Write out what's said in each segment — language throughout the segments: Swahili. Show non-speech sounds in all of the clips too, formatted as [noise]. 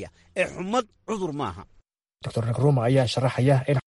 sharaxaya ee xumad cudur maaha Dr. Nakruma ayaa sharaxaya in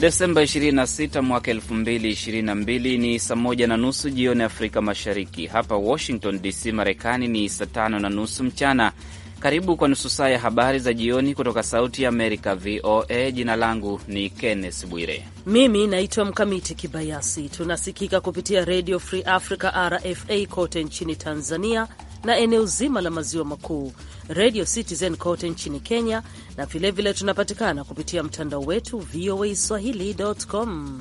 Desemba 26 mwaka 2022 ni saa moja na nusu jioni Afrika Mashariki. Hapa Washington DC, Marekani ni saa tano na nusu mchana. Karibu kwa nusu saa ya habari za jioni kutoka Sauti ya Amerika, VOA. Jina langu ni Kenneth Bwire. Mimi naitwa Mkamiti Kibayasi. Tunasikika kupitia Radio Free Africa, RFA, kote nchini Tanzania na eneo zima la maziwa makuu, Radio Citizen kote nchini Kenya, na vilevile tunapatikana kupitia mtandao wetu voa swahili.com.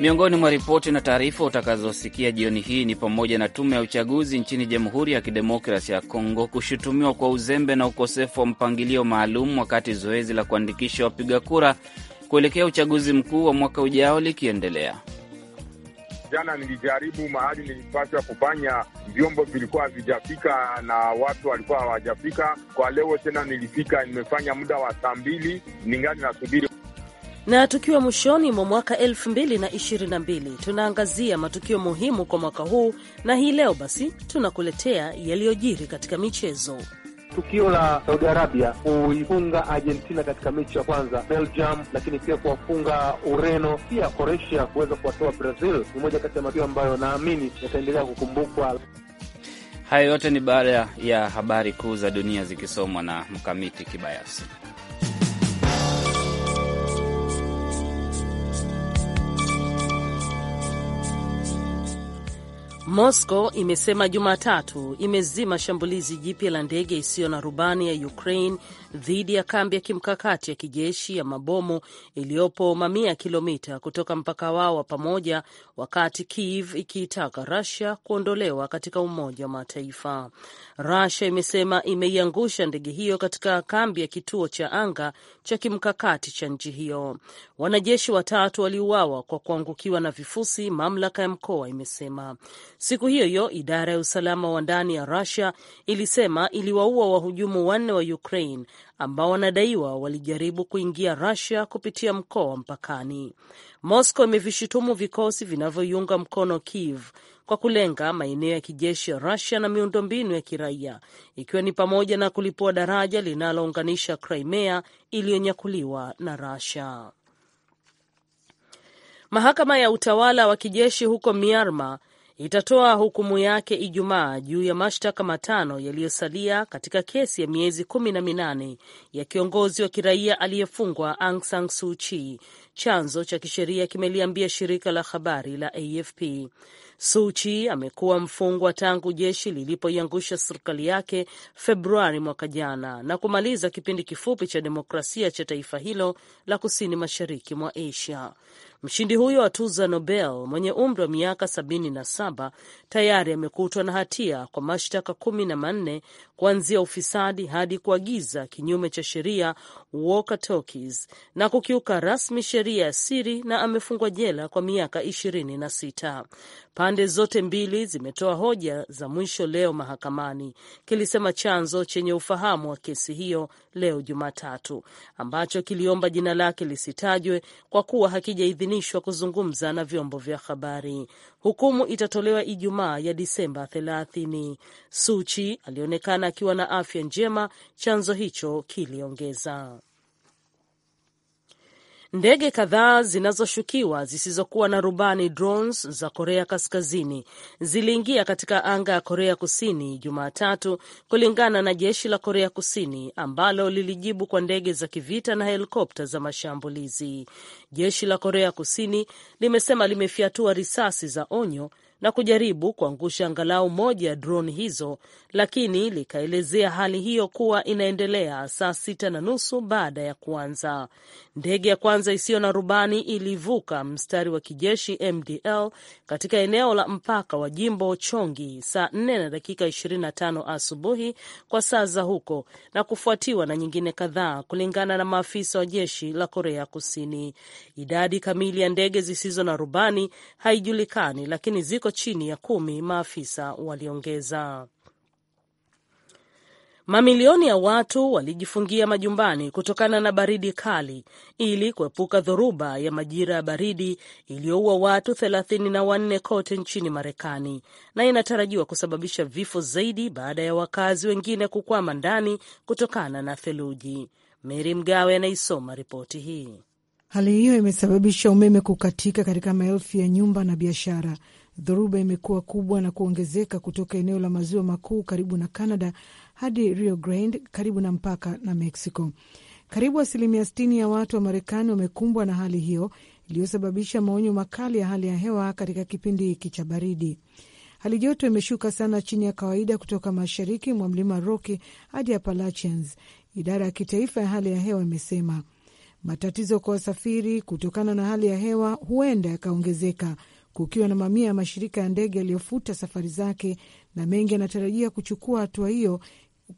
Miongoni mwa ripoti na taarifa utakazosikia jioni hii ni pamoja na tume ya uchaguzi nchini Jamhuri ya Kidemokrasia ya Kongo kushutumiwa kwa uzembe na ukosefu wa mpangilio maalum wakati zoezi la kuandikisha wapiga kura kuelekea uchaguzi mkuu wa mwaka ujao likiendelea. Jana nilijaribu mahali nilipaswa kufanya, vyombo vilikuwa havijafika na watu walikuwa hawajafika. Kwa leo tena nilifika, nimefanya muda wa saa mbili ningali nasubiri na tukiwa mwishoni mwa mwaka 2022 tunaangazia matukio muhimu kwa mwaka huu, na hii leo basi tunakuletea yaliyojiri katika michezo. Tukio la Saudi Arabia kuifunga Argentina katika mechi ya kwanza, Belgium, lakini pia kuwafunga Ureno, pia Croatia kuweza kuwatoa Brazil ni moja kati ya matukio ambayo naamini yataendelea kukumbukwa. Hayo yote ni baada ya habari kuu za dunia zikisomwa na Mkamiti Kibayasi. Moscow imesema Jumatatu imezima shambulizi jipya la ndege isiyo na rubani ya Ukraine dhidi ya kambi ya kimkakati ya kijeshi ya mabomu iliyopo mamia kilomita kutoka mpaka wao wa pamoja, wakati Kiev ikiitaka rasia kuondolewa katika Umoja wa Mataifa. Russia imesema imeiangusha ndege hiyo katika kambi ya kituo cha anga cha kimkakati cha nchi hiyo. Wanajeshi watatu waliuawa kwa kuangukiwa na vifusi, mamlaka ya mkoa imesema. Siku hiyo hiyo, idara ya usalama wa ndani ya Rusia ilisema iliwaua wahujumu wanne wa Ukraine ambao wanadaiwa walijaribu kuingia rasia kupitia mkoa wa mpakani. Moscow imevishutumu vikosi vinavyoiunga mkono Kiev kwa kulenga maeneo ya kijeshi ya rasia na miundombinu ya kiraia ikiwa ni pamoja na kulipua daraja linalounganisha Crimea iliyonyakuliwa na rasia Mahakama ya utawala wa kijeshi huko Myanmar itatoa hukumu yake Ijumaa juu ya mashtaka matano yaliyosalia katika kesi ya miezi kumi na minane ya kiongozi wa kiraia aliyefungwa Aung San Suu Kyi, chanzo cha kisheria kimeliambia shirika la habari la AFP. Suchi amekuwa mfungwa tangu jeshi lilipoiangusha serikali yake Februari mwaka jana na kumaliza kipindi kifupi cha demokrasia cha taifa hilo la kusini mashariki mwa Asia. Mshindi huyo wa tuzo Nobel mwenye umri wa miaka sabini na saba tayari amekutwa na hatia kwa mashtaka kumi na manne kuanzia ufisadi hadi kuagiza kinyume cha sheria walkie-talkies na kukiuka rasmi sheria ya siri na amefungwa jela kwa miaka ishirini na sita. Pande zote mbili zimetoa hoja za mwisho leo mahakamani, kilisema chanzo chenye ufahamu wa kesi hiyo leo Jumatatu, ambacho kiliomba jina lake lisitajwe kwa kuwa hakijaidhinishwa kuzungumza na vyombo vya habari. Hukumu itatolewa Ijumaa ya Disemba 30. Suchi alionekana akiwa na afya njema, chanzo hicho kiliongeza. Ndege kadhaa zinazoshukiwa zisizokuwa na rubani drones za Korea Kaskazini ziliingia katika anga ya Korea Kusini Jumatatu, kulingana na jeshi la Korea Kusini ambalo lilijibu kwa ndege za kivita na helikopta za mashambulizi. Jeshi la Korea Kusini limesema limefyatua risasi za onyo na kujaribu kuangusha angalau moja ya droni hizo, lakini likaelezea hali hiyo kuwa inaendelea saa sita na nusu baada ya kuanza. Ndege ya kwanza isiyo na rubani ilivuka mstari wa kijeshi MDL katika eneo la mpaka wa jimbo Chongi saa 4 na dakika 25 asubuhi kwa saa za huko, na kufuatiwa na nyingine kadhaa, kulingana na maafisa wa jeshi la Korea Kusini. Idadi kamili ya ndege zisizo na rubani haijulikani, lakini ziko iko chini ya kumi, maafisa waliongeza. Mamilioni ya watu walijifungia majumbani kutokana na baridi kali ili kuepuka dhoruba ya majira ya baridi iliyoua watu thelathini na wanne kote nchini Marekani na inatarajiwa kusababisha vifo zaidi baada ya wakazi wengine kukwama ndani kutokana na theluji. Meri Mgawe anaisoma ripoti hii. Hali hiyo imesababisha umeme kukatika katika maelfu ya nyumba na biashara Dhoruba imekuwa kubwa na kuongezeka kutoka eneo la maziwa makuu karibu na Canada hadi Rio Grande karibu na mpaka na Mexico. Karibu asilimia 60 ya watu wa Marekani wamekumbwa na hali hiyo iliyosababisha maonyo makali ya hali ya hewa katika kipindi hiki cha baridi. Hali joto imeshuka sana chini ya kawaida kutoka mashariki mwa mlima Rocky hadi Appalachians, idara ya kitaifa ya hali ya hewa imesema. Matatizo kwa wasafiri kutokana na hali ya hewa huenda yakaongezeka kukiwa na mamia ya mashirika ya ndege yaliyofuta safari zake na mengi yanatarajia kuchukua hatua hiyo,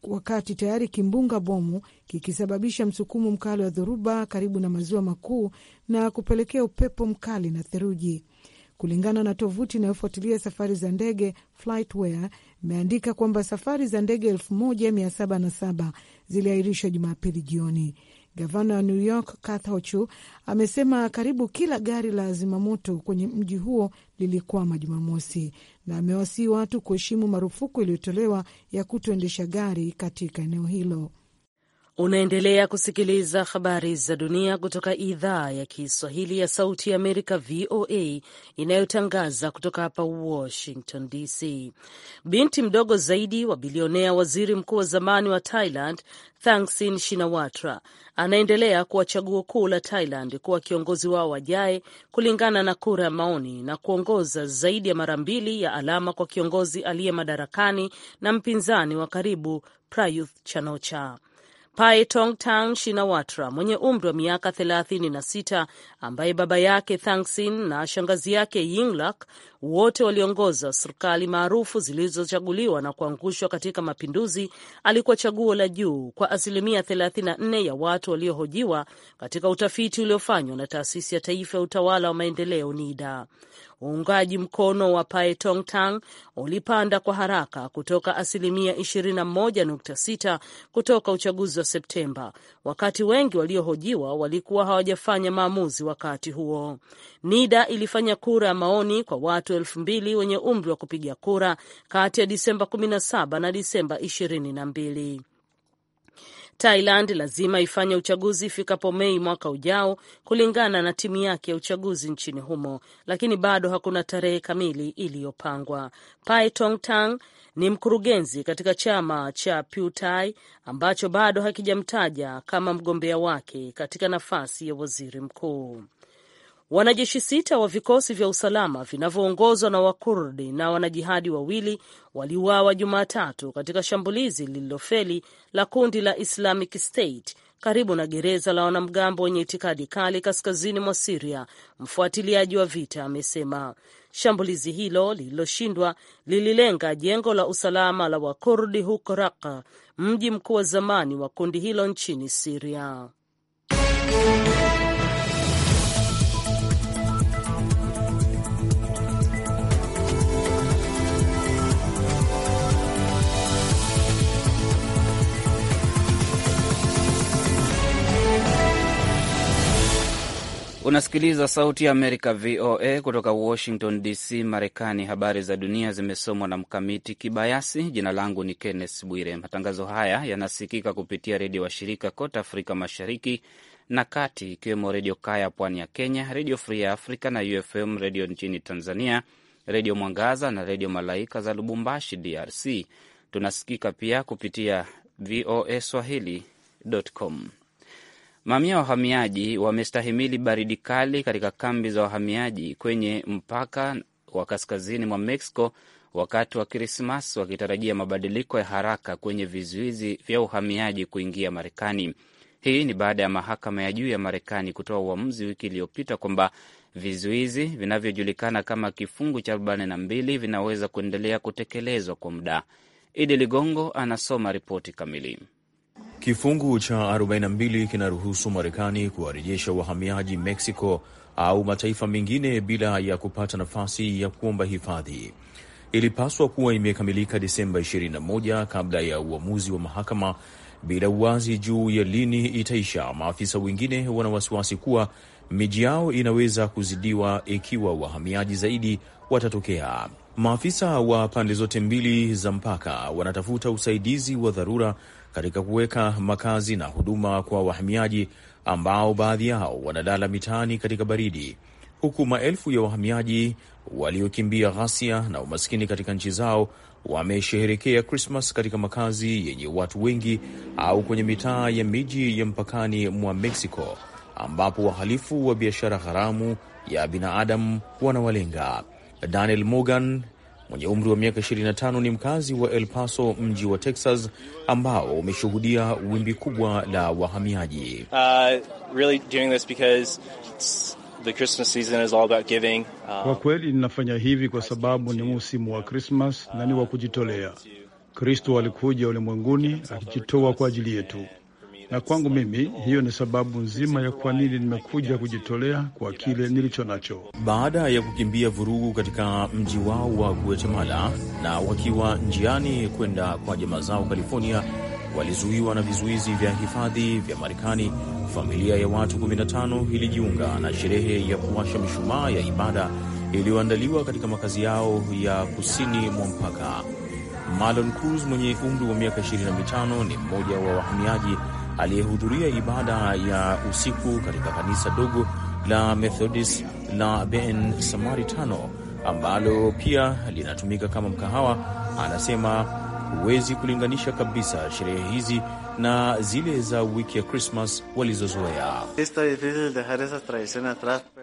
wakati tayari kimbunga bomu kikisababisha msukumo mkali wa dhoruba karibu na maziwa makuu na kupelekea upepo mkali na theluji. Kulingana na tovuti inayofuatilia safari za ndege Flightware, imeandika kwamba safari za ndege 1707 ziliahirishwa Jumapili jioni. Gavana wa New York kathochu Hochul amesema karibu kila gari la zimamoto kwenye mji huo lilikwama Jumamosi, na amewasii watu kuheshimu marufuku iliyotolewa ya kutoendesha gari katika eneo hilo. Unaendelea kusikiliza habari za dunia kutoka idhaa ya Kiswahili ya Sauti ya Amerika, VOA, inayotangaza kutoka hapa Washington DC. Binti mdogo zaidi wa bilionea waziri mkuu wa zamani wa Thailand Thaksin Shinawatra anaendelea kuwa chaguo kuu la Thailand kuwa kiongozi wao wajae kulingana na kura ya maoni, na kuongoza zaidi ya mara mbili ya alama kwa kiongozi aliye madarakani na mpinzani wa karibu Prayuth Chanocha tong Tang Shinawatra mwenye umri wa miaka 36 ambaye baba yake Thanksin na shangazi yake Yingluck wote waliongoza serikali maarufu zilizochaguliwa na kuangushwa katika mapinduzi, alikuwa chaguo la juu kwa asilimia 34 ya watu waliohojiwa katika utafiti uliofanywa na taasisi ya taifa ya utawala wa maendeleo NIDA. Uungaji mkono wa Pae Tong Tang ulipanda kwa haraka kutoka asilimia 21.6 kutoka uchaguzi wa Septemba, wakati wengi waliohojiwa walikuwa hawajafanya maamuzi wakati huo. NIDA ilifanya kura ya maoni kwa watu watu elfu mbili wenye umri wa kupiga kura kati ya Disemba 17 na Disemba 22. Thailand lazima ifanye uchaguzi ifikapo Mei mwaka ujao kulingana na timu yake ya uchaguzi nchini humo, lakini bado hakuna tarehe kamili iliyopangwa. Pai tang ni mkurugenzi katika chama cha Putai ambacho bado hakijamtaja kama mgombea wake katika nafasi ya waziri mkuu. Wanajeshi sita wa vikosi vya usalama vinavyoongozwa na Wakurdi na wanajihadi wawili waliuawa Jumatatu katika shambulizi lililofeli la kundi la Islamic State karibu na gereza la wanamgambo wenye itikadi kali kaskazini mwa Siria, mfuatiliaji wa vita amesema. Shambulizi hilo lililoshindwa lililenga jengo la usalama la Wakurdi huko Raqqa, mji mkuu wa zamani wa kundi hilo nchini Siria. Unasikiliza Sauti ya Amerika, VOA, kutoka Washington DC, Marekani. Habari za dunia zimesomwa na Mkamiti Kibayasi. Jina langu ni Kenneth Bwire. Matangazo haya yanasikika kupitia redio washirika kote Afrika Mashariki na Kati, ikiwemo Redio Kaya pwani ya Kenya, Redio Free Africa na UFM Redio nchini Tanzania, Redio Mwangaza na Redio Malaika za Lubumbashi, DRC. Tunasikika pia kupitia voa swahili.com. Mamia ya wahamiaji wamestahimili baridi kali katika kambi za wahamiaji kwenye mpaka wa kaskazini mwa Mexico wakati wa krismas wakitarajia mabadiliko ya haraka kwenye vizuizi vya uhamiaji kuingia Marekani. Hii ni baada ya mahakama ya juu ya Marekani kutoa uamuzi wiki iliyopita kwamba vizuizi vinavyojulikana kama kifungu cha 42 vinaweza kuendelea kutekelezwa kwa muda. Idi Ligongo anasoma ripoti kamili. Kifungu cha 42 kinaruhusu Marekani kuwarejesha wahamiaji Mexico au mataifa mengine bila ya kupata nafasi ya kuomba hifadhi. Ilipaswa kuwa imekamilika Desemba 21 kabla ya uamuzi wa mahakama, bila uwazi juu ya lini itaisha. Maafisa wengine wana wasiwasi kuwa miji yao inaweza kuzidiwa ikiwa wahamiaji zaidi watatokea. Maafisa wa pande zote mbili za mpaka wanatafuta usaidizi wa dharura katika kuweka makazi na huduma kwa wahamiaji ambao baadhi yao wanalala mitaani katika baridi, huku maelfu ya wahamiaji waliokimbia ghasia na umaskini katika nchi zao wamesheherekea Krismas katika makazi yenye watu wengi au kwenye mitaa ya miji ya mpakani mwa Meksiko ambapo wahalifu wa biashara haramu ya binadamu wanawalenga. Daniel Morgan mwenye umri wa miaka 25 ni mkazi wa El Paso, mji wa Texas ambao umeshuhudia wimbi kubwa la wahamiaji. Uh, really doing this because the Christmas season is all about giving. Um, kwa kweli ninafanya hivi kwa sababu ni msimu wa Krismas na ni wa kujitolea. Kristo alikuja ulimwenguni akijitoa kwa ajili yetu na kwangu mimi hiyo ni sababu nzima ya kwa nini nimekuja kujitolea kwa kile nilicho nacho. Baada ya kukimbia vurugu katika mji wao wa Guatemala na wakiwa njiani kwenda kwa jamaa zao California, walizuiwa na vizuizi vya hifadhi vya Marekani. Familia ya watu 15 ilijiunga na sherehe ya kuwasha mishumaa ya ibada iliyoandaliwa katika makazi yao ya kusini mwa mpaka. Marlon Cruz mwenye umri wa miaka 25 ni mmoja wa wahamiaji aliyehudhuria ibada ya usiku katika kanisa dogo la Methodist la Ben Samaritano ambalo pia linatumika kama mkahawa, anasema huwezi kulinganisha kabisa sherehe hizi na zile za wiki ya Krismas walizozoea.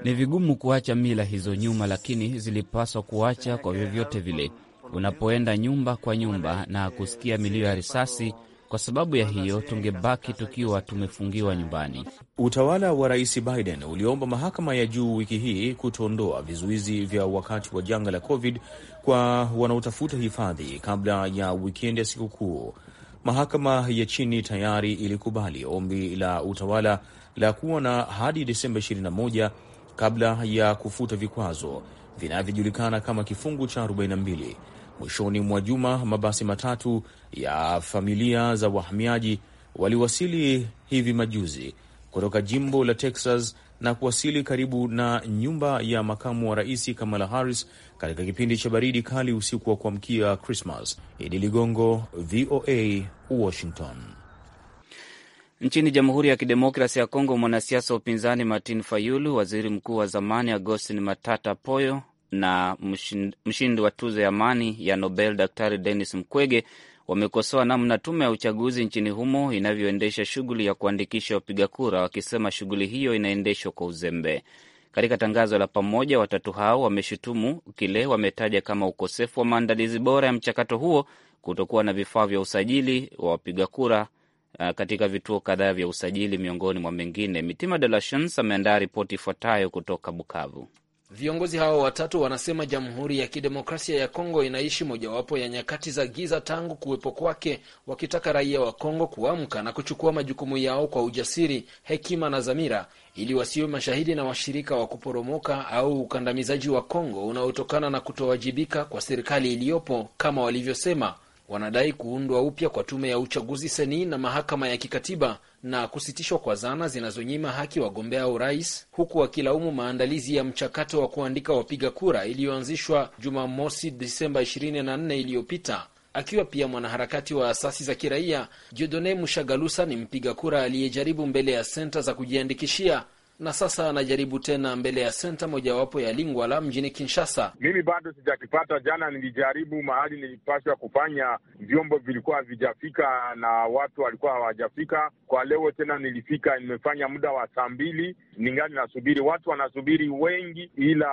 Ni vigumu kuacha mila hizo nyuma, lakini zilipaswa kuacha kwa vyovyote vile. Unapoenda nyumba kwa nyumba na kusikia milio ya risasi kwa sababu ya hiyo tungebaki tukiwa tumefungiwa nyumbani. Utawala wa Rais Biden uliomba mahakama ya juu wiki hii kutoondoa vizuizi vya wakati wa janga la COVID kwa wanaotafuta hifadhi kabla ya wikendi ya sikukuu. Mahakama ya chini tayari ilikubali ombi la utawala la kuwa na hadi Desemba 21 kabla ya kufuta vikwazo vinavyojulikana kama kifungu cha 42. Mwishoni mwa juma, mabasi matatu ya familia za wahamiaji waliwasili hivi majuzi kutoka jimbo la Texas na kuwasili karibu na nyumba ya makamu wa rais Kamala Harris katika kipindi cha baridi kali usiku wa kuamkia christmas Idi Ligongo, VOA, Washington. Nchini Jamhuri ya Kidemokrasi ya Kongo, mwanasiasa wa upinzani Martin Fayulu, waziri mkuu wa zamani Agostin Matata Poyo na mshindi wa tuzo ya amani ya Nobel Daktari Denis mkwege wamekosoa namna tume ya uchaguzi nchini humo inavyoendesha shughuli ya kuandikisha wapiga kura, wakisema shughuli hiyo inaendeshwa kwa uzembe. Katika tangazo la pamoja, watatu hao wameshutumu kile wametaja kama ukosefu wa maandalizi bora ya mchakato huo, kutokuwa na vifaa vya usajili wa wapiga kura uh, katika vituo kadhaa vya usajili, miongoni mwa mengine. Mitima De La ameandaa ripoti ifuatayo kutoka Bukavu. Viongozi hao watatu wanasema Jamhuri ya Kidemokrasia ya Kongo inaishi mojawapo ya nyakati za giza tangu kuwepo kwake, wakitaka raia wa Kongo kuamka na kuchukua majukumu yao kwa ujasiri, hekima na dhamira, ili wasiwe mashahidi na washirika wa kuporomoka au ukandamizaji wa Kongo unaotokana na kutowajibika kwa serikali iliyopo, kama walivyosema wanadai kuundwa upya kwa tume ya uchaguzi seni na mahakama ya kikatiba na kusitishwa kwa zana zinazonyima haki wagombea urais, huku wakilaumu maandalizi ya mchakato wa kuandika wapiga kura iliyoanzishwa Jumamosi Disemba 24 iliyopita. Akiwa pia mwanaharakati wa asasi za kiraia, Jodone Mushagalusa ni mpiga kura aliyejaribu mbele ya senta za kujiandikishia na sasa anajaribu tena mbele ya senta mojawapo ya Lingwala mjini Kinshasa. Mimi bado sijakipata. Jana nilijaribu mahali nilipashwa kufanya, vyombo vilikuwa havijafika na watu walikuwa hawajafika. Kwa leo tena nilifika, nimefanya muda wa saa mbili, ningali nasubiri. Watu wanasubiri wengi, ila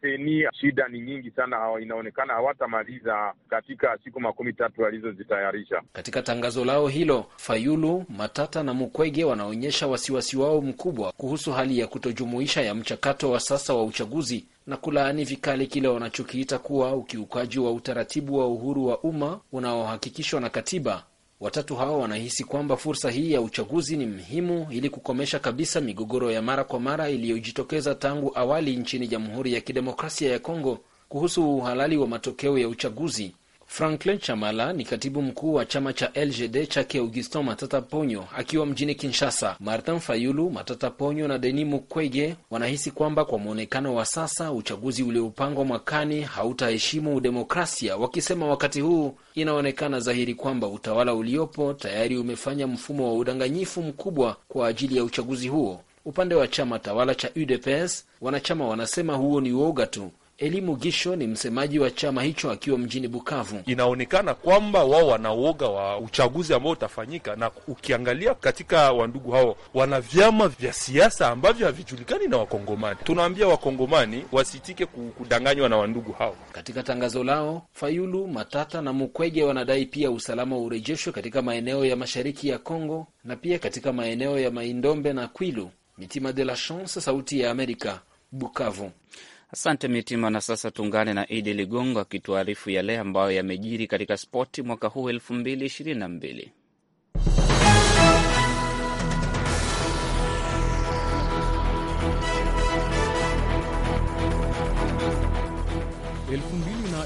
teni shida ni nyingi sana, inaonekana hawatamaliza katika siku makumi tatu walizozitayarisha. Katika tangazo lao hilo, Fayulu Matata na Mukwege wanaonyesha wasiwasi wao mkubwa kuhusu hali ya kutojumuisha ya mchakato wa sasa wa uchaguzi na kulaani vikali kile wanachokiita kuwa ukiukaji wa utaratibu wa uhuru wa umma unaohakikishwa na katiba Watatu hao wanahisi kwamba fursa hii ya uchaguzi ni muhimu ili kukomesha kabisa migogoro ya mara kwa mara iliyojitokeza tangu awali nchini Jamhuri ya Kidemokrasia ya Kongo kuhusu uhalali wa matokeo ya uchaguzi. Franklin Chamala ni katibu mkuu wa chama cha LGD chake Augustin Matata Ponyo akiwa mjini Kinshasa. Martin Fayulu, Matata Ponyo na Denis Mukwege wanahisi kwamba kwa mwonekano wa sasa uchaguzi uliopangwa mwakani hautaheshimu udemokrasia, wakisema wakati huu inaonekana dhahiri kwamba utawala uliopo tayari umefanya mfumo wa udanganyifu mkubwa kwa ajili ya uchaguzi huo. Upande wa chama tawala cha UDPS wanachama wanasema huo ni uoga tu Elimu Gisho ni msemaji wa chama hicho akiwa mjini Bukavu. Inaonekana kwamba wao wana uoga wa uchaguzi ambao utafanyika, na ukiangalia katika wandugu hao wana vyama vya siasa ambavyo havijulikani na Wakongomani. Tunaambia Wakongomani wasitike kudanganywa na wandugu hao. Katika tangazo lao, Fayulu Matata na Mukwege wanadai pia usalama wa urejeshwe katika maeneo ya mashariki ya Kongo na pia katika maeneo ya Maindombe na Kwilu. Mitima de la Chance, Sauti ya Amerika, Bukavu. Asante Mitima. Na sasa tuungane na Idi Ligongo akituarifu yale ambayo yamejiri katika spoti mwaka huu elfu mbili ishirini na mbili.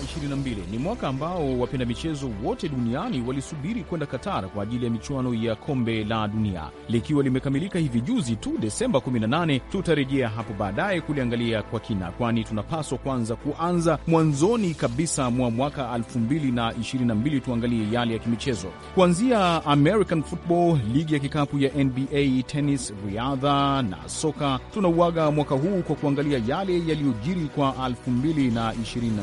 2022 ni mwaka ambao wapenda michezo wote duniani walisubiri kwenda Qatar kwa ajili ya michuano ya kombe la dunia. Likiwa limekamilika hivi juzi tu Desemba 18, tutarejea hapo baadaye kuliangalia kwa kina, kwani tunapaswa kwanza kuanza mwanzoni kabisa mwa mwaka 2022, tuangalie yale ya kimichezo kuanzia American football, ligi ya kikapu ya NBA, tennis, riadha na soka. Tunauaga mwaka huu kwa kuangalia yale yaliyojiri kwa 2022.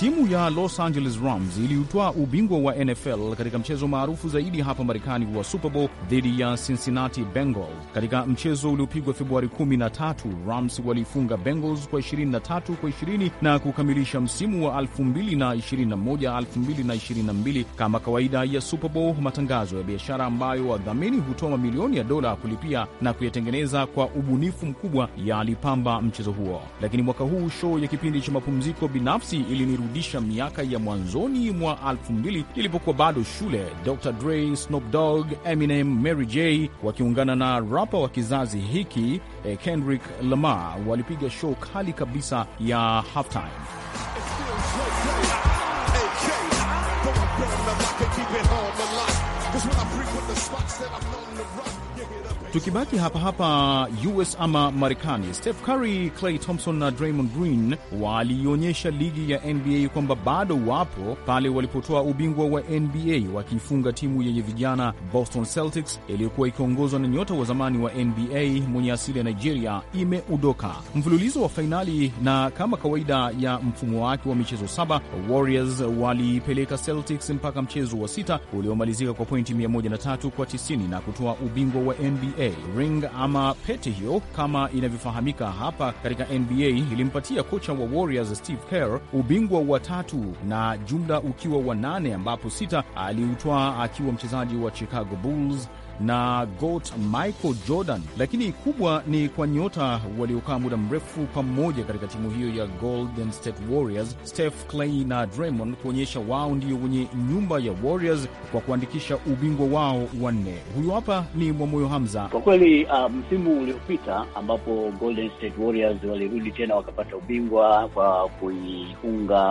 Timu Timu ya Los Angeles Rams iliutwa ubingwa wa NFL katika mchezo maarufu zaidi hapa Marekani wa Super Bowl dhidi ya Cincinnati Bengals. Katika mchezo uliopigwa Februari 13, Rams walifunga Bengals kwa 23 kwa 20 na kukamilisha msimu wa 2021 2022 kama kawaida ya Super Bowl, matangazo ya biashara ambayo wadhamini hutoa mamilioni ya dola kulipia na kuyatengeneza kwa ubunifu mkubwa yalipamba mchezo huo, lakini mwaka huu show ya kipindi cha mapumziko binafsi ilinirudisha kulinganisha miaka ya mwanzoni mwa 2000 ilipokuwa bado shule, Dr Dre, Snoop Dogg, Eminem, Mary J wakiungana na rapa wa kizazi hiki eh, Kendrick Lamar walipiga show kali kabisa ya halftime. Tukibaki hapa hapa US ama Marekani, Steph Curry, clay Thompson na Draymond Green walionyesha ligi ya NBA kwamba bado wapo pale walipotoa ubingwa wa NBA wakiifunga timu yenye vijana Boston Celtics iliyokuwa ikiongozwa na nyota wa zamani wa NBA mwenye asili ya Nigeria Ime Udoka, mfululizo wa fainali. Na kama kawaida ya mfumo wake wa michezo saba, Warriors waliipeleka Celtics mpaka mchezo wa sita uliomalizika kwa pointi 103 kwa 90 na kutoa ubingwa wa NBA. Ring ama pete hiyo kama inavyofahamika hapa katika NBA ilimpatia kocha wa Warriors Steve Kerr ubingwa wa tatu na jumla ukiwa wa nane, ambapo sita aliutwaa akiwa mchezaji wa Chicago Bulls na GOAT Michael Jordan, lakini kubwa ni kwa nyota waliokaa muda mrefu pamoja katika timu hiyo ya Golden State Warriors, Steph Clay na Draymond, kuonyesha wao ndio wenye nyumba ya Warriors kwa kuandikisha ubingwa wao wanne. Huyu hapa ni Mwamoyo Hamza. Kwa kweli uh, msimu um, uliopita ambapo Golden State Warriors walirudi tena wakapata ubingwa kwa kuifunga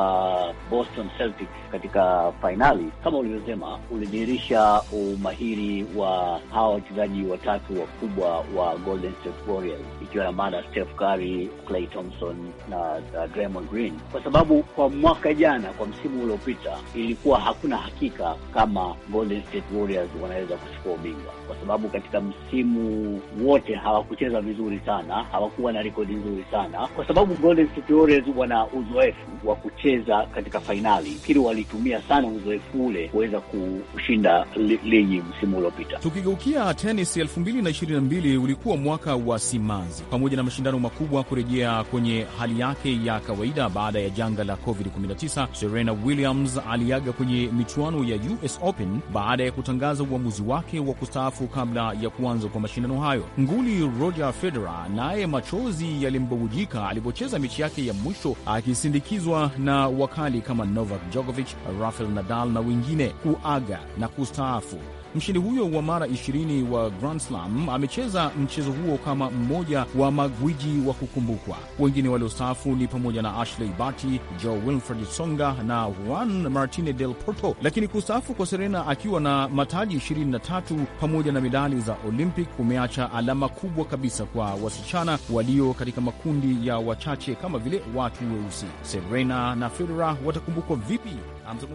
Boston Celtics katika fainali, kama ulivyosema, ulidhihirisha umahiri wa hawa wachezaji watatu wakubwa wa Golden State Warriors, ikiwa na maana Steph Curry, Thompson na uh, Draymond Green, kwa sababu kwa mwaka jana, kwa msimu uliopita, ilikuwa hakuna hakika kama Golden State Warriors wanaweza kuchukua ubingwa, kwa sababu katika msimu wote hawakucheza vizuri sana, hawakuwa na rekodi nzuri sana, kwa sababu Golden State Warriors wana uzoefu wa kucheza katika fainali. Fikiri walitumia sana uzoefu ule kuweza kushinda ligi msimu uliopita. Tukigeukia tenis, 2022 ulikuwa mwaka wa simanzi pamoja na mashindano makubwa kurejea kwenye hali yake ya kawaida baada ya janga la COVID-19. Serena Williams aliaga kwenye michuano ya US Open baada ya kutangaza uamuzi wake wa kustaafu kabla ya kuanza kwa mashindano hayo. Nguli Roger Federer naye machozi yalimbubujika alipocheza mechi yake ya mwisho akisindikizwa na wakali kama Novak Djokovic, Rafael Nadal na wengine kuaga na kustaafu. Mshindi huyo wa mara 20 wa Grand Slam amecheza mchezo huo kama mmoja wa magwiji wa kukumbukwa. Wengine waliostaafu ni pamoja na Ashley Barty, Joe Wilfred Songa na Juan Martine Del Porto, lakini kustaafu kwa Serena akiwa na mataji 23 pamoja na medali za Olympic kumeacha alama kubwa kabisa kwa wasichana walio katika makundi ya wachache kama vile watu weusi. Serena na Federer watakumbukwa vipi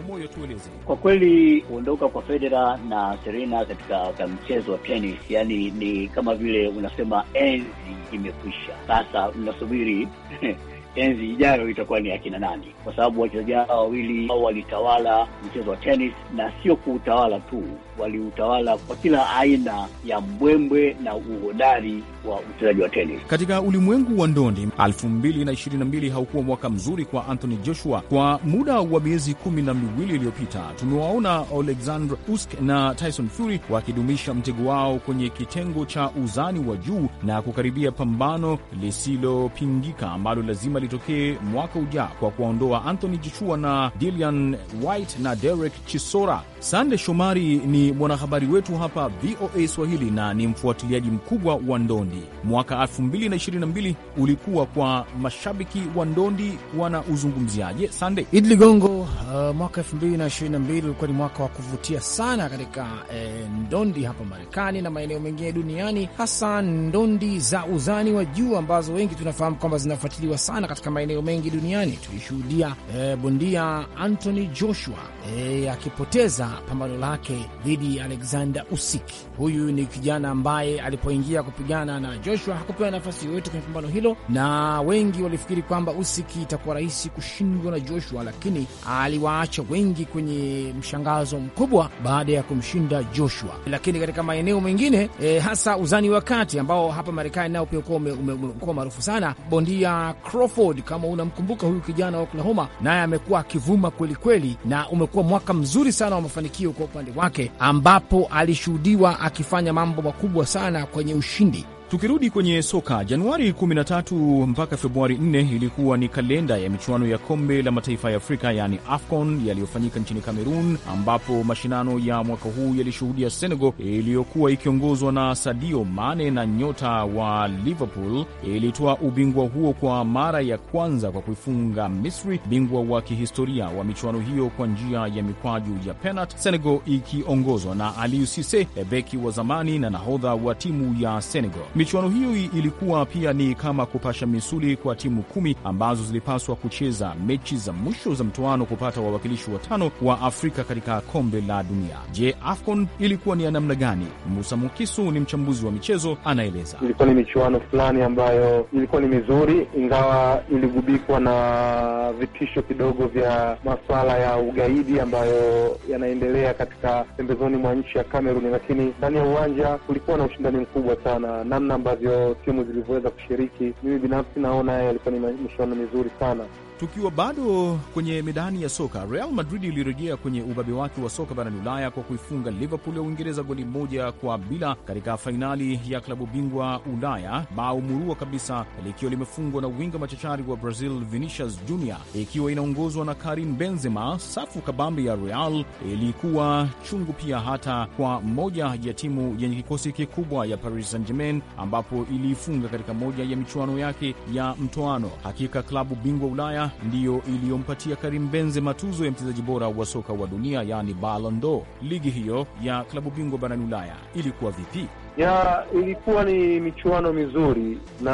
Moyo tueleze kwa kweli, kuondoka kwa federa na Serena katika mchezo wa tenis, yani ni kama vile unasema enzi imekwisha, sasa unasubiri [laughs] enzi ijayo itakuwa ni akina nani, kwa sababu wachezaji hawa wawili ao walitawala mchezo wa tenis, na sio kuutawala tu, waliutawala kwa kila aina ya mbwembwe na uhodari wa uchezaji wa tenis katika ulimwengu wa ndondi. 2022 haukuwa mwaka mzuri kwa Anthony Joshua. Kwa muda wa miezi kumi na miwili iliyopita, tumewaona Alexander Usyk na Tyson Fury wakidumisha mtego wao kwenye kitengo cha uzani wa juu na kukaribia pambano lisilopingika ambalo lazima litokee mwaka ujao kwa kuwaondoa Anthony Jichua na Dilian White na Derek Chisora. Sande Shomari ni mwanahabari wetu hapa VOA Swahili na ni mfuatiliaji mkubwa wa ndondi. Mwaka 2022 ulikuwa kwa mashabiki wa ndondi, wanauzungumziaje Sande? Idi Ligongo, uh, mwaka 2022 ulikuwa ni mwaka wa kuvutia sana katika eh, ndondi hapa Marekani na maeneo mengine duniani, hasa ndondi za uzani wa juu ambazo wengi tunafahamu kwamba zinafuatiliwa sana katika maeneo mengi duniani tulishuhudia e, bondia Anthony Joshua e, akipoteza pambano lake dhidi ya Alexander Usyk. Huyu ni kijana ambaye alipoingia kupigana na Joshua hakupewa nafasi yoyote kwenye pambano hilo, na wengi walifikiri kwamba Usyk itakuwa rahisi kushindwa na Joshua, lakini aliwaacha wengi kwenye mshangazo mkubwa baada ya kumshinda Joshua. Lakini katika maeneo mengine e, hasa uzani wa kati ambao hapa Marekani nao pia umekuwa maarufu sana bondia Crawford Ford, kama unamkumbuka huyu kijana wa Oklahoma, naye amekuwa akivuma kwelikweli, na umekuwa mwaka mzuri sana wa mafanikio kwa upande wake, ambapo alishuhudiwa akifanya mambo makubwa sana kwenye ushindi Tukirudi kwenye soka, Januari 13 mpaka Februari 4 ilikuwa ni kalenda ya michuano ya kombe la mataifa ya Afrika yaani AFCON yaliyofanyika nchini Kamerun, ambapo mashindano ya mwaka huu yalishuhudia Senegal iliyokuwa ikiongozwa na Sadio Mane na nyota wa Liverpool ilitoa ubingwa huo kwa mara ya kwanza kwa kuifunga Misri, bingwa wa kihistoria wa michuano hiyo, kwa njia ya mikwaju ya penalti, Senegal ikiongozwa na Aliou Cisse, beki wa zamani na nahodha wa timu ya Senegal. Michuano hiyo ilikuwa pia ni kama kupasha misuli kwa timu kumi ambazo zilipaswa kucheza mechi za mwisho za mtoano kupata wawakilishi watano wa Afrika katika kombe la dunia. Je, AFCON ilikuwa ni ya namna gani? Musa Mukisu ni mchambuzi wa michezo, anaeleza. Ilikuwa ni michuano fulani ambayo ilikuwa ni mizuri, ingawa iligubikwa na vitisho kidogo vya masuala ya ugaidi ambayo yanaendelea katika pembezoni mwa nchi ya Kameruni, lakini ndani ya uwanja kulikuwa na ushindani mkubwa sana namna namna ambavyo timu zilivyoweza kushiriki, mimi binafsi naona yalikuwa ni mashindano mizuri sana. Tukiwa bado kwenye medani ya soka, Real Madrid ilirejea kwenye ubabe wake wa soka barani Ulaya kwa kuifunga Liverpool ya Uingereza goli moja kwa bila katika fainali ya klabu bingwa Ulaya, bao murua kabisa likiwa limefungwa na winga machachari wa Brazil Vinicius jr ikiwa inaongozwa na Karim Benzema. Safu kabambe ya Real ilikuwa chungu pia hata kwa moja ya timu yenye kikosi kikubwa ya Paris Saint-Germain, ambapo iliifunga katika moja ya michuano yake ya mtoano. Hakika klabu bingwa Ulaya ndiyo iliyompatia Karim Benzema tuzo ya mchezaji bora wa soka wa dunia, yaani Ballon d'Or. Ligi hiyo ya klabu bingwa barani Ulaya ilikuwa vipi? Ya, ilikuwa ni michuano mizuri na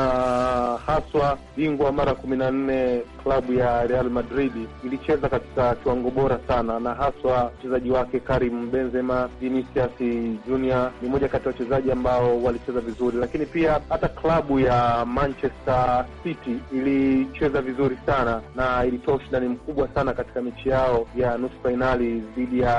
haswa bingwa mara kumi na nne klabu ya Real Madrid ilicheza katika kiwango bora sana, na haswa mchezaji wake Karim Benzema, Vinicius Junior ni mmoja kati ya wachezaji ambao walicheza vizuri, lakini pia hata klabu ya Manchester City ilicheza vizuri sana na ilitoa ushindani mkubwa sana katika mechi yao ya nusu fainali dhidi ya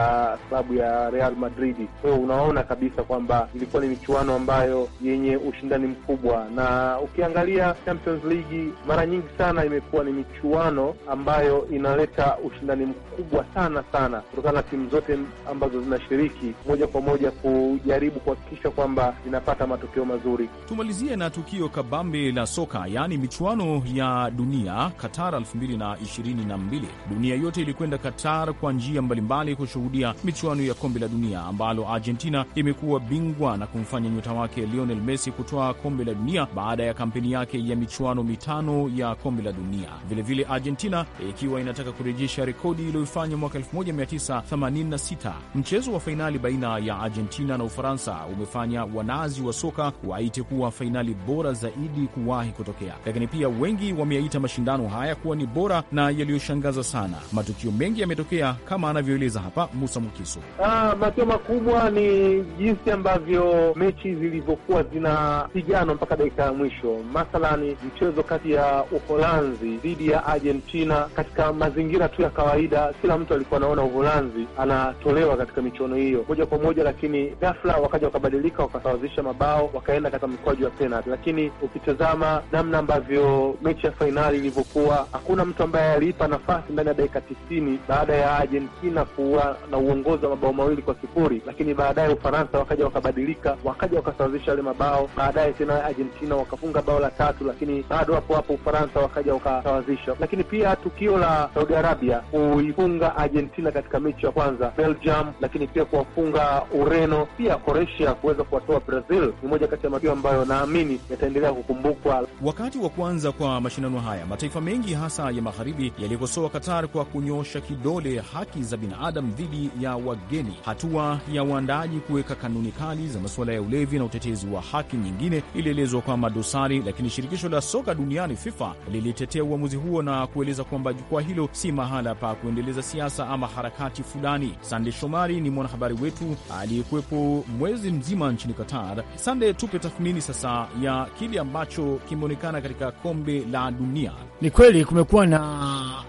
klabu ya Real Madrid. Kwa hiyo unaona kabisa kwamba ilikuwa ni michuano ambayo yenye ushindani mkubwa, na ukiangalia Champions League mara nyingi sana imekuwa ni michuano ambayo inaleta ushindani mkubwa sana sana, kutokana na timu zote ambazo zinashiriki moja kwa moja kujaribu kuhakikisha kwamba zinapata matokeo mazuri. Tumalizie na tukio kabambe la soka, yaani michuano ya dunia Qatar 2022. Dunia yote ilikwenda Qatar kwa njia mbalimbali kushuhudia michuano ya kombe la dunia ambalo Argentina imekuwa bingwa na kumfanya nyota wake Lionel Messi kutoa kombe la dunia baada ya kampeni yake ya michuano mitano ya kombe la dunia vile vilevile Argentina ikiwa inataka kurejesha rekodi iliyoifanya mwaka 1986. Mchezo wa fainali baina ya Argentina na Ufaransa umefanya wanazi wa soka waite kuwa fainali bora zaidi kuwahi kutokea, lakini pia wengi wameyaita mashindano haya kuwa ni bora na yaliyoshangaza sana. Matukio mengi yametokea kama anavyoeleza hapa Musa Mkisu. Ah, matukio makubwa ni jinsi ambavyo mechi zilivyokuwa zinapigana mpaka dakika ya mwisho, mathalani mchezo kati ya Uholanzi dhidi ya Argentina katika mazingira tu ya kawaida. Kila mtu alikuwa anaona Uholanzi anatolewa katika michuano hiyo moja kwa moja, lakini ghafla wakaja wakabadilika, wakasawazisha mabao, wakaenda katika mkwaju wa penalti. Lakini ukitazama namna ambavyo mechi ya fainali ilivyokuwa, hakuna mtu ambaye aliipa nafasi ndani ya dakika tisini baada ya Argentina kuwa na uongozi wa mabao mawili kwa sifuri, lakini baadaye Ufaransa wakaja wakabadilika, wakaja wakasawazisha yale mabao. Baadaye tena Argentina wakafunga bao la tatu, lakini bado hapo hapo Ufaransa wakaja wakasawazisha kuitisha, lakini pia tukio la Saudi Arabia kuifunga Argentina katika mechi ya kwanza, Belgium, lakini pia kuwafunga Ureno, pia Croatia kuweza kuwatoa Brazil ni moja kati ya matukio ambayo naamini yataendelea kukumbukwa. Wakati wa kwanza kwa mashindano haya, mataifa mengi hasa ya magharibi yalikosoa Qatar kwa kunyosha kidole haki za binadamu dhidi ya wageni, hatua ya uandaji kuweka kanuni kali za masuala ya ulevi na utetezi wa haki nyingine ilielezwa kwamba dosari, lakini shirikisho la soka duniani FIFA lilitetea uamuzi huu huo na kueleza kwamba jukwaa hilo si mahala pa kuendeleza siasa ama harakati fulani. Sande Shomari ni mwanahabari wetu aliyekuwepo mwezi mzima nchini Qatar. Sande, tupe tathmini sasa ya kile ambacho kimeonekana katika kombe la dunia. Ni kweli kumekuwa na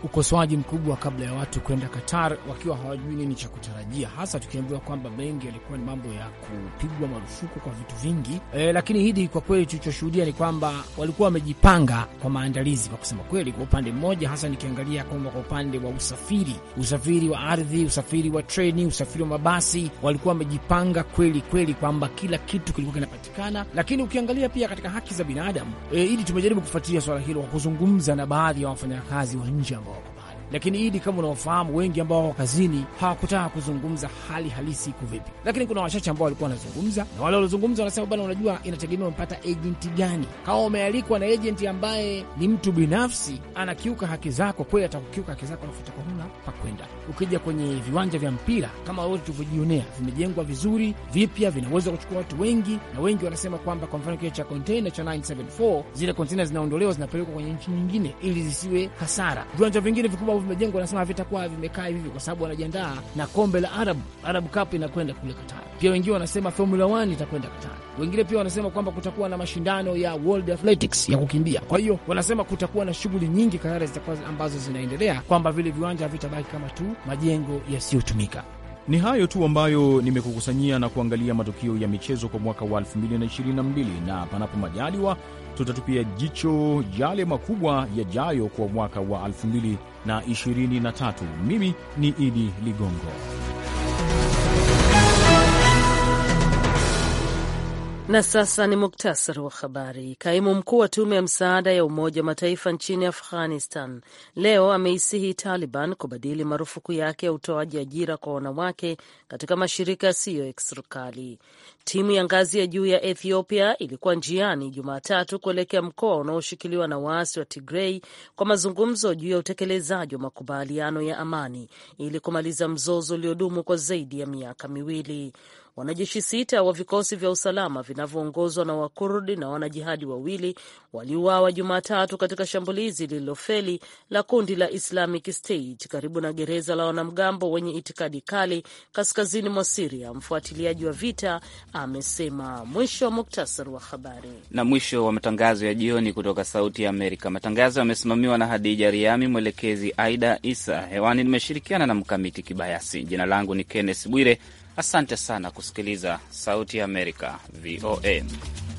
ukosoaji mkubwa kabla ya watu kwenda Qatar wakiwa hawajui nini cha kutarajia, hasa tukiambiwa kwamba mengi yalikuwa ni mambo ya kupigwa marufuku kwa vitu vingi e, lakini hidi kwa kweli tulichoshuhudia ni kwamba walikuwa wamejipanga kwa maandalizi, kwa kusema kweli, kwa upande mmoja, hasa nikiangalia kwamba kwa upande wa usafiri, usafiri wa ardhi, usafiri wa treni, usafiri wa mabasi, walikuwa wamejipanga kweli kweli kwamba kila kitu kilikuwa kinapatikana. Lakini ukiangalia pia katika haki za binadamu e, ili tumejaribu kufuatilia swala hilo kwa kuzungumza na baadhi ya wafanyakazi wa nje ambao lakini Idi, kama unaofahamu, wengi ambao wako kazini hawakutaka kuzungumza hali halisi iko vipi, lakini kuna wachache ambao walikuwa wanazungumza, na wale waliozungumza wanasema, bana, unajua inategemea umepata ejenti gani. Kama umealikwa na ejenti ambaye ni mtu binafsi, anakiuka haki zako kweli, atakukiuka haki zako, alafu utakuwa huna pa kwenda. Ukija kwenye viwanja vya mpira kama wote tulivyojionea, vimejengwa vizuri, vipya, vinaweza kuchukua watu wengi, na wengi wanasema kwamba kwa mfano kile cha kontena cha 974 zile kontena zinaondolewa, zinapelekwa kwenye nchi nyingine ili zisiwe hasara. Viwanja vingine vikubwa vimejengwa, wanasema vitakuwa vimekaa hivi kwa sababu wanajiandaa na kombe la Arab Arab Cup inakwenda kule Qatar. Pia wengine wanasema Formula 1 itakwenda Qatar. Wengine pia wanasema kwamba kutakuwa na mashindano ya World Athletics ya kukimbia. Kwa hiyo wanasema kutakuwa na shughuli nyingi Katara zitakuwa ambazo zinaendelea, kwamba vile viwanja havitabaki kama tu majengo yasiyotumika. Ni hayo tu ambayo nimekukusanyia na kuangalia matukio ya michezo kwa mwaka wa 2022 na panapo majaliwa tutatupia jicho yale makubwa yajayo kwa mwaka wa 2023. Mimi ni Idi Ligongo. Na sasa ni muktasari wa habari. Kaimu mkuu wa tume ya msaada ya Umoja wa Mataifa nchini Afghanistan leo ameisihi Taliban kubadili marufuku yake ya utoaji ajira kwa wanawake katika mashirika yasiyo ya kiserikali. Timu ya ngazi ya juu ya Ethiopia ilikuwa njiani Jumatatu kuelekea mkoa unaoshikiliwa na waasi wa Tigrei kwa mazungumzo juu ya utekelezaji wa makubaliano ya amani ili kumaliza mzozo uliodumu kwa zaidi ya miaka miwili. Wanajeshi sita wa vikosi vya usalama vinavyoongozwa na Wakurdi na wanajihadi wawili waliuawa Jumatatu katika shambulizi lililofeli la kundi la Islamic State karibu na gereza la wanamgambo wenye itikadi kali kaskazini mwa Siria, mfuatiliaji wa vita amesema. Mwisho wa muktasar wa habari na mwisho wa matangazo ya jioni kutoka Sauti ya Amerika. Matangazo yamesimamiwa na Hadija Riami, mwelekezi Aida Isa. Hewani nimeshirikiana na Mkamiti Kibayasi. Jina langu ni Kenneth Bwire. Asante sana kusikiliza Sauti ya Amerika, VOA.